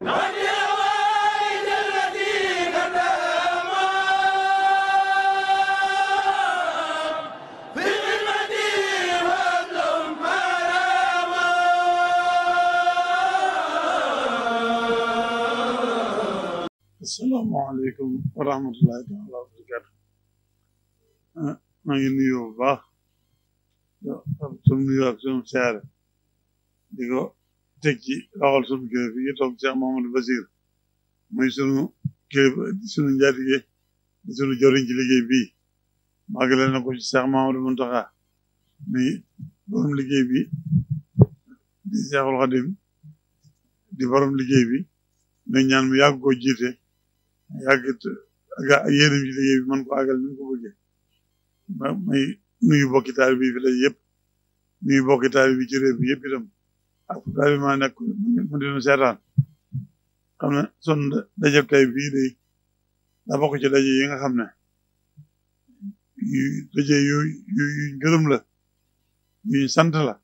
السلام عليكم ورحمة الله تعالى وبركاته நான் இன்னியோவா தொம்மிதாக்கம் சேர இதிகோ teg ci loxol sunu kilifa yi toog Cheikh Mamadou Basir muy sunu kilifa sunu njaatige di sunu joriñ ci liggéey bi màggale na ko ci Cheikh Mamadou Muntaxa mi borom liggéey bi di Cheikhul borom liggéey bi nu ñaan mu yàgg ko jiite yàgg aga yéenam ci liggéey bi man ko àggal ni mu ko bëggee may nuyu bokki taalibe bi fi lay yëpp nuyu bokki bi ci bi yëpp itam ak xutbaa bi ma nekk seetaan xam ne sun dajëb tay bii day daa bokk ci daje yi nga xam ne yu yu yu gërëm la yuñ sant la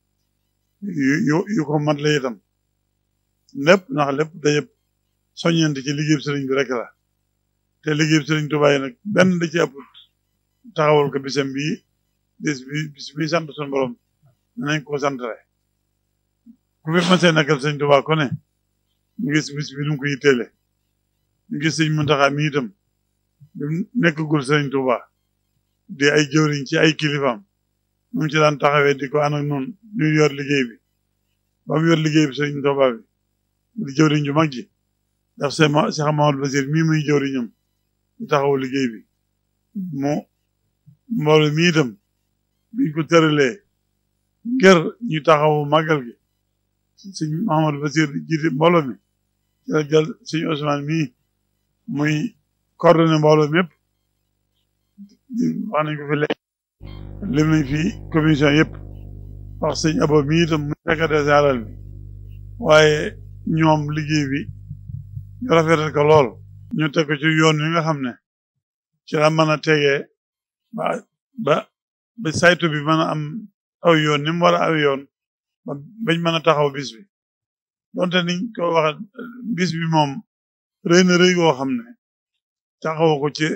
yu yu ko mat la itam lépp ndax lépp dajëb soññante ci liggéeyub sëriñ bi rek la te liggéeyub sëriñ Tuubaa yi nag benn da ci ëpp taxawal bii bis bi sant sun borom danañ ko sant rek ku fi mase nakal sëñ Tuubaa ko ne gis bis bi nu ko yitteele ñu gis sëñ Muntaxa mi itam nekk gul sëñ Tuubaa di ay jëwriñ ci ay kilifaam mu ci daan taxawee di ko ànd ak yor liggéey bi ba yor liggéey bi sëñ Tuubaa bi di jëwriñ ju mag ji ndax se Cheikh Mamadou Basir mii muy jëwriñam di liggéey bi mu mboolu mi itam biñ ko tëralee ngir ñu taxawu màggal gi sëñ Mahamadou Basir jiite mbooloo mi ci la jël sëñ muy coordonné mbooloo mépp wax fi léegi lim nañ fi commission yëpp wax sëñ Abo mii itam muy secrétaire bi waaye ñoom liggéey bi ñu rafetal ko lool ñu yoon wi nga xam ne ci la mën a tegee ba ba saytu bi mën a am aw yoon ni mu aw yoon bañ mën a taxaw bis bi donte niñ ko wax bis bi moom rëy na rëy goo xam ne taxaw ko ci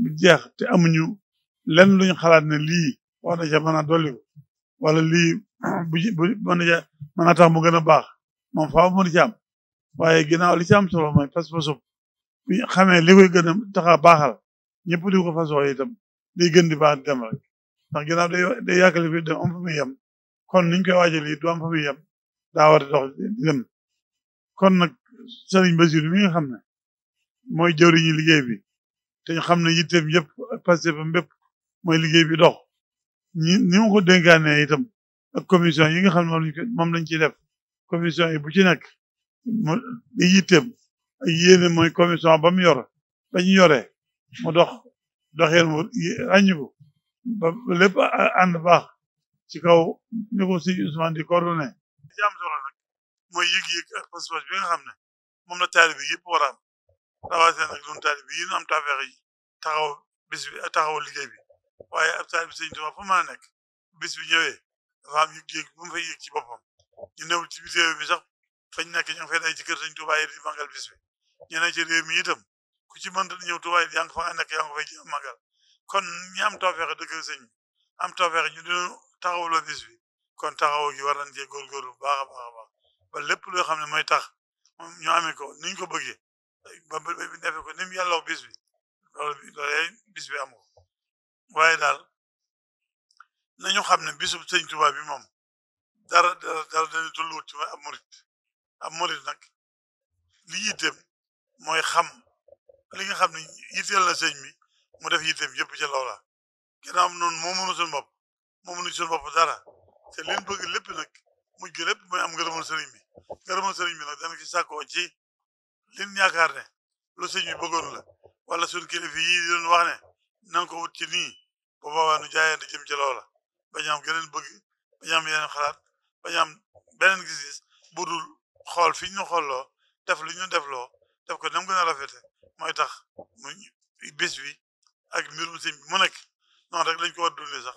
bu jeex te amuñu lenn luñ xalaat ne lii war na ca mën a dolli ko wala lii bu bu mën a mën a tax mu gën a baax moom faaw mu di ci waaye ginnaaw li ci am solo mooy fas fasub bu xamee li koy gën a tax a baaxal ñëpp di ko fasoo itam day gën di baax di dem rek ndax ginnaaw day day yàkkale fi dem am fa kon niñ koy waajal li du am fa muy yem daa war a dox di dem kon nag Serigne Bassirou mi nga xam ne mooy jëwriñu liggéey bi te xam ne yitteem yëpp passé ba mbépp mooy liggéey bi dox ñi ni mu ko dénkaane itam ak commission yi nga xam ne moom lañ ciy def commission yi bu ci nekk di yitteem ak yéene mooy commission ba mu yor ba ñu yoree mu dox doxeel mu ràññiku ba lépp ànd baax ci kaw ni ko si Ousmane di coordonné ci am solo nag mooy yëg-yëg ak pas bi nga xam ne moom na taalibe yëpp war a am rawatina nag yi am tafeex yi taxaw bis bi taxaw liggéey bi waaye a taalibe Sëñ Tuubaa fa mën a nekk bis bi ñëwee dafa am yëg-yëg bu mu fay yëg ci boppam ñu newul ci réew mi sax fañ nekk ñu ngi fay day ci kër Sëñ Tuubaa yi di màggal bis bi ñu ñëw Tuubaa yi yaa ngi fa nekk kon ñi am tafeex dëgg sëñ bi am tawfeex ñu dinu taxawloo bis bi kon taxaw gi war nañ cee góorgóorlu bu baax a baax a baax ba lépp loo xam ne mooy tax ñu amee ko niñ ko bëggee ba bi defee ko ni mu yàlloo bis bi loolu loolee bis bi am ko waaye daal nañu xam ne bisub sëñ Tuubaa bi moom dara dara dara dañu tulluwut ci mooy ab murit ab murit nag li yitteem mooy xam li nga xam ne yitteel na sëñ bi mu def yitteem yëpp ca ginnaaw noonu moom mënu suñu bopp moom mënu suñu bopp dara te leen bëgg lépp nag mujj gi lépp mooy am ngërëmal sëriñ bi ngërëmal sëriñ bi nag dana ci sàkkoo lin yaakaar ne lu sëñ bi bëggoon la wala suñ kilifa yi di doon wax ne ko wut ci nii bu boobaa nu jaayeen di jëm ci loola bañ am geneen bëgg bañ am yeneen xalaat bañ am beneen gis bu dul xool fi ñu xooloo def li ñu def loo def ko nam gën a rafete mooy tax mu bis bi ak mbirum sëñ bi mu nekk noonu rek lañ ko war a dundee sax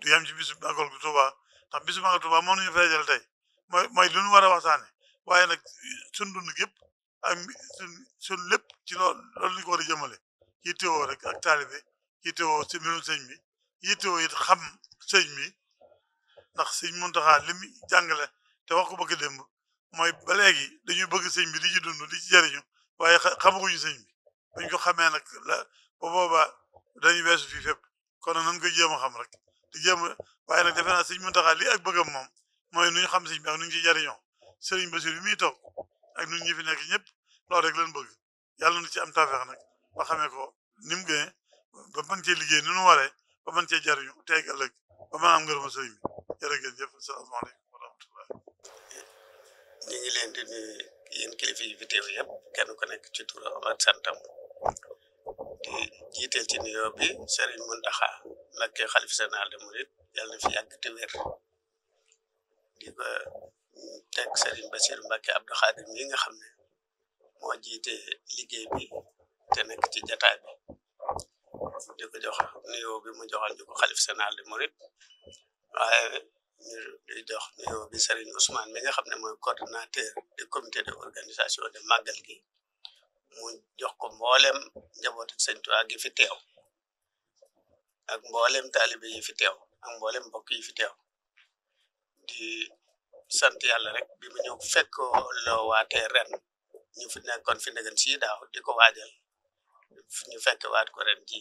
du yem ci bisu màggal gu Tuuba ndax bisu màggal Tuuba moom nañu feejal tey mooy mooy lu ñu war a waxtaane waaye nag suñ dund gépp ak suñ suñ lépp ci loolu loolu lañ ko war a jëmale yittewoo rek ak taalibe yittewoo si mbirum sëñ bi yittewoo it xam sëñ bi ndax sëñ Muntaxa li mu jàngale te wax ko bëgg démb mooy ba léegi dañuy bëgg sëñ dund di ci jëriñu waaye xamaguñu sëñ bi ko xamee nag la ba boobaa dañuy weesu fii fépp kon nag nañ koy jéem a xam rek di jéem a waaye nag defe naa sëñ Muntaxa lii ak bëggam moom mooy nu ñu xam sëñ bi ak nu ñu ci jariñoo sëriñ Basiru mi toog ak ñun ñi fi nekk ñëpp loolu rek lañ bëgg yàlla na ci am ta tawfeex nag ba xamee ko ni mu gënee ba mën cee liggéey ni nu waree ba mën cee jariñu tey ak ëllëg ba mën a am ngërëma sëriñ bi jërëjëf asalaamaaleykum wa rahmatullah ñu ngi leen fi teew yëpp kenn ku nekk ci turam santam jiiteel ci nuyoo bi Serigne Mountakha Mbacké xalif général des mourides yàlla fi yàgg te wér di ko teg Abdou Khadim yi nga xam ne moo jiite liggéey bi te nekk ci jataay bi di ko jox nuyoo bi mu joxoon ñu ko xalif général des mourides waaye ñu di jox nuyoo bi Serigne Ousmane mi nga xam ne mooy coordinateur du comité de organisation de màggal gi mu jox ko mboolem njabootu Sëñ Tuubaa gi fi teew ak mboolem taalibe yi fi teew ak mboolem mbokk yi fi teew di sant yàlla rek bi mu ñëw fekk loo ren ñu fi nekkoon fi ndegen si daaw di ko waajal ñu fekk waat ko ren ji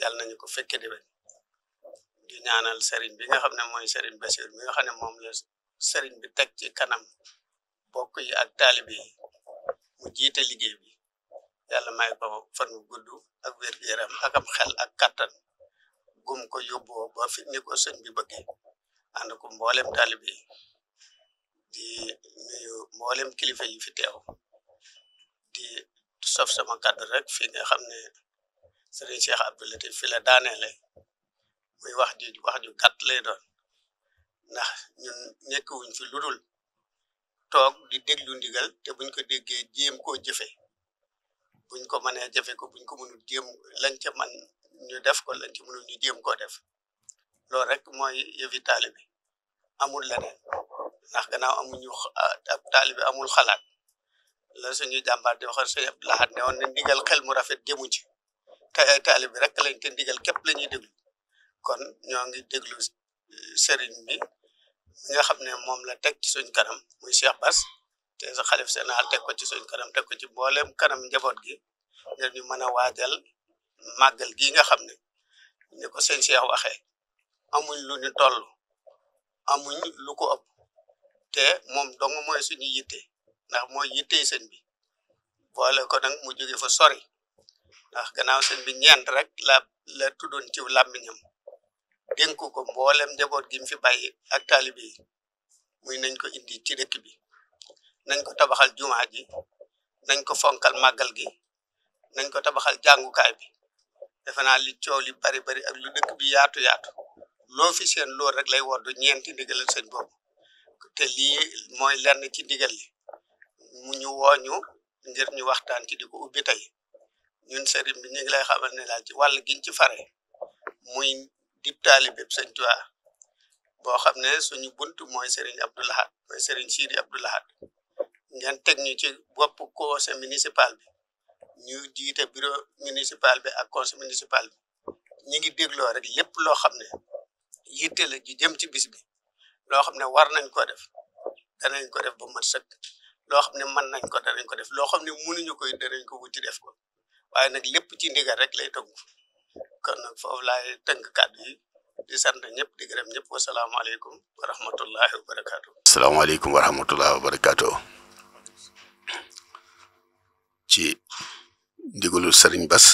yàlla nañu ko fekke déwén di ñaanal sëriñ bi nga xam ne mooy sëriñ Basiir mi nga xam ne moom la sëriñ bi teg ci kanam bokk yi ak taalibe mu jiite liggéey bi yàlla may ko fan mu gudd ak wér gu yaram ak am xel ak kattan gum ko yóbboo ba fi ni ko sëñ bi bëggee ànd ko mboolem talib yi di nuyu mboolem kilifa yi fi teew di sof sama kàddu rek fi nga xam ne sëriñ Cheikh Abdou Latif fi la daaneele muy wax ju wax ju gàtt lay doon ndax ñun nekk fi ludul toog di déglu ndigal te buñ ko déggee jéem koo jëfe buñ ko mënee jëfe ko buñ ko mënul jéem lañ ca man ñu def ko lañ ca mënul ñu jéem koo def loolu rek mooy yëfi taalibe amul leneen ndax gannaaw amuñu ah, ab taalibe amul xalaat la suñu jàmbaar di waxal suñu Abdul Ahad ne woon xel mu rafet jëmu ci te ay taalibe rek lañ te ndigal képp la ñuy déglu kon ñoo ngi déglu eh, sëriñ bi ki nga xam ne moom la teg ci suñ kanam muy Cheikh Bass te sa xalif général teg ko ci suñ kanam teg ko ci mboolem kanam njaboot gi ñu mën a waajal màggal gi nga xam ne ni ko sëñ Cheikh waxee amuñ lu ñu toll amuñ lu ko ëpp te moom dong mooy suñu yitte ndax mooy yitte sëñ bi boole ko nag mu jóge fa sori ndax gannaaw sëñ bi ñeent rek la la tuddoon ci làmmiñam dénk ko mboolem njaboot gi mu fi bàyyi ak taalibe yi muy nañ ko indi ci dëkk bi nañ ko tabaxal jumaa ji nañ ko fonkal màggal gi nañ ko tabaxal jàngukaay bi defe naa li coow li bari bari ak lu dëkk bi yaatu yaatu loo fi seen loolu rek lay woddu ñeenti ndigalal seen bopp te lii mooy lenn ci ndigal li mu ñu wooñu ngir ñu waxtaan ci di ko ubbi ñun sëriñ bi ñu ngi lay xamal ne daal ci wàll giñ ci fare muy dib taali bépp sëñ tuwa boo xam ne suñu bunt mooy sëriñ abdoulahat mooy sëriñ siiri abdoulahat ñan tek ñu ci ko conseil municipal bi ñu jité bureau municipal bi ak conseil municipal bi ñi ngi dégloo rek lepp lo xam yité la ju jëm ci bis bi lo xam war nañ ko def danañ ko def bu ma sëkk lo xam man nañ ko danañ ko def lo xam mënuñu koy danañ ko wuti def ko waye nak lepp ci ndigal rek lay tënku kon nag foofu laay tënk kàddu yi di sant ñëpp di gërëm ñëpp wasalaamaaleykum wa wa barakaatu. asalaamaaleykum wa wa barakaatu. ci ndigalu Serigne Bass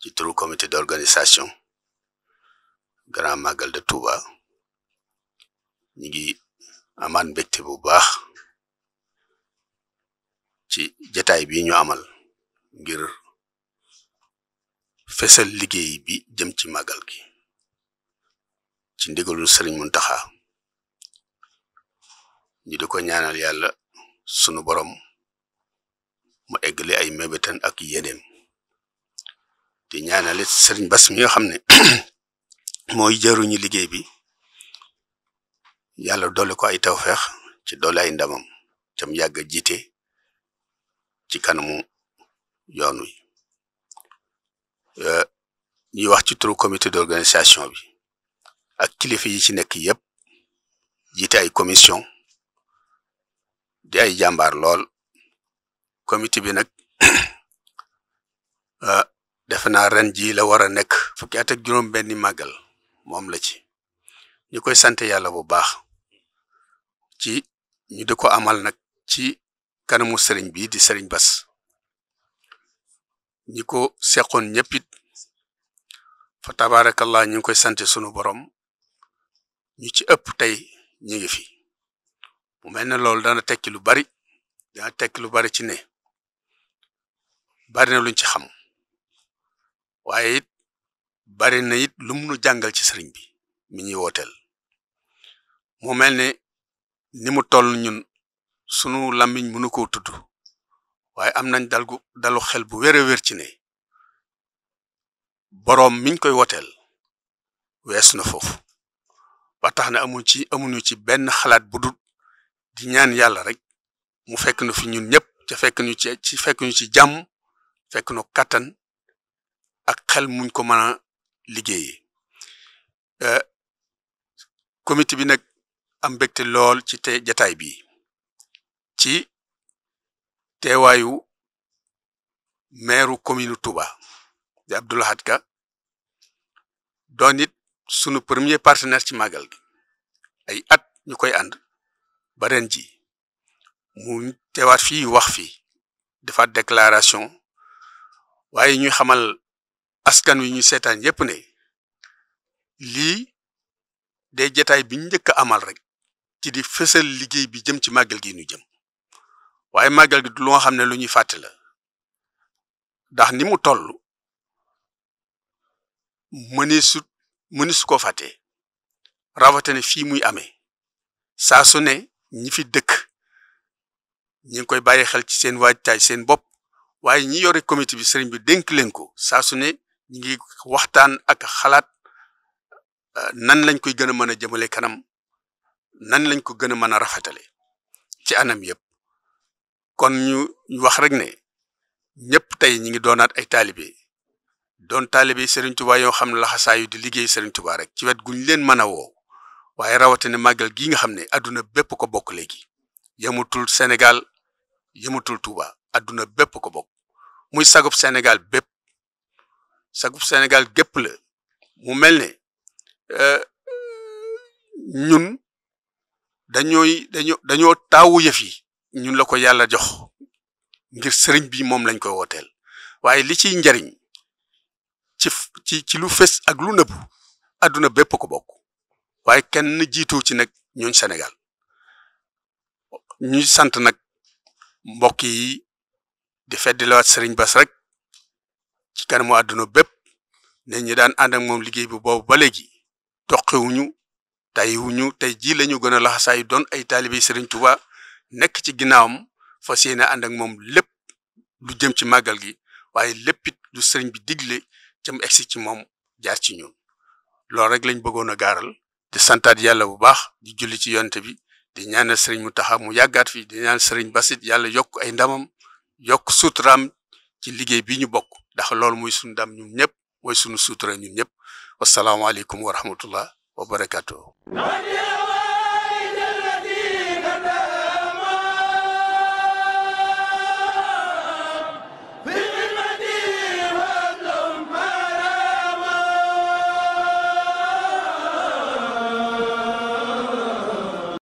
ci turu comité d'organisation grand magal de Touba ñu ngi amaan mbégte bu baax ci jataay bi ñu amal fesal liggéey bi jëm ci màggal gi ci ndigalul sëriñ Muntaxa ñu di ko ñaanal yàlla sunu borom mu eggale ay mébétan ak yéeneem di ñaanalit sëriñ Bass mi nga xam ne mooy jëruñu liggéey bi yàlla dolli ko ay tawfeex ci dolli ay ndamam cam yàgg jiite ci kanamu yoon Euh, ñuy wax ci turu comité d'organisation bi ak kilifa yi ci nekk yépp jiite ay commission di ay jàmbaar lool comité bi nag euh, defe naa ren ji la war a nekk fukki at ak juróom benni màggal moom la ci ñu koy sant yàlla bu baax ci ñu di ko amal nag ci kanamu sëriñ bi di sëriñ Bas ñi ko seqoon ñëpp it fa tabarakallah ñu ngi koy sant sunu borom ñu ci ëpp tey ñu ngi fi mu mel ne loolu dana tekki lu bari dana tekki lu bari ci ne bari na ci xam waaye it bari na it lu mu jàngal ci sëriñ bi mi ñuy wooteel mu mel ne ni mu toll ñun sunu làmmiñ mënu koo tudd waaye am nañ dal gu dalu xel bu wér a wér ci ne boroom miñ koy woteel weesu na foofu ba tax na amuñ ci amuñu ci benn xalaat bu dul di ñaan yàlla rek mu fekk nu fi ñun ñëpp ca fekk ñu ci ci fekk ci jàmm fekk nu kàttan ak xel muñ ko mën a liggéeyee comité bi nag am mbégte lool ci te jataay bi ci teewaayu meeru commune Touba di Abdou Lahad Ka it sunu premier partenaire ci màggal gi ay at ñu koy ànd ba ren ji mu tewaat fii wax fii dafa déclaration waaye ñuy xamal askan wi ñu seetaan yépp ne lii day jetaay bi njëkk amal rek ci di fësal liggéey bi jëm ci màggal gi ñu jëm waaye màggal gi lu xam ne lu ñuy fàtte la ndax ni mu toll mënisu mënisu koo fàtte rawatina fii muy amee saa su ne ñi fi dëkk ñi ngi koy bàyyi xel ci seen waajtaay seen bopp waaye ñi yore comité bi sëriñ bi dénk leen ko saa su ne waxtaan ak xalaat euh, nan lañ koy gën a mën a jëmale kanam nan lañ ko gën a mën a rafetale ci anam yëpp kon ñu wax rek ne ñëpp tey ñi ngi doonaat ay taalibe doon taalibe Serigne Touba yoo xam ne laxasaayu di liggéey Serigne rek ci wet guñ leen mën a woo waaye rawatina màggal gi nga xam ne adduna bépp ko bokk léegi senegal Sénégal yëmutul Touba adduna bépp ko bokk muy sagub Sénégal bépp sagub senegal gépp la mu mel ne euh, ñun dañooy dañoo dañoo taawu yëf yi ñun la ko yàlla jox ngir sëriñ bi moom lañ koy wooteel waaye li ci njariñ ci ci ci lu fes ak lu nëbbu adduna bépp ko bokk waaye kenn jiitu ci nag ñooñ senegal ñu sant nag mbokk yi di feddilawaat sëriñ Bass rek ci kanamu adduna bépp ne ñi daan ànd ak moom liggéey bi boobu ba léegi toqiwuñu tayiwuñu tey jii lañu ñu gën a laxasaayu doon ay taalibe sëriñ Tuubaa nekk ci ginnaawam fas yéene ànd ak moom lépp lu jëm ci màggal gi waaye lépp du lu sëriñ bi digle jëm egsi ci moom jaar ci ñun loolu rek lañ bëggoon a gaaral di santaat yàlla bu baax di julli ci yonte bi di ñaanal sëriñ Mountakha mu yàggaat fi di ñaanal sëriñ Basit yàlla yokk ay ndamam yokk suuturaam ci liggéey bi ñu bokk ndax loolu mooy suñu ndam ñun ñëpp mooy suñu suutura ñun ñëpp wasalaamaaleykum wa rahmatullah wa barakaatu.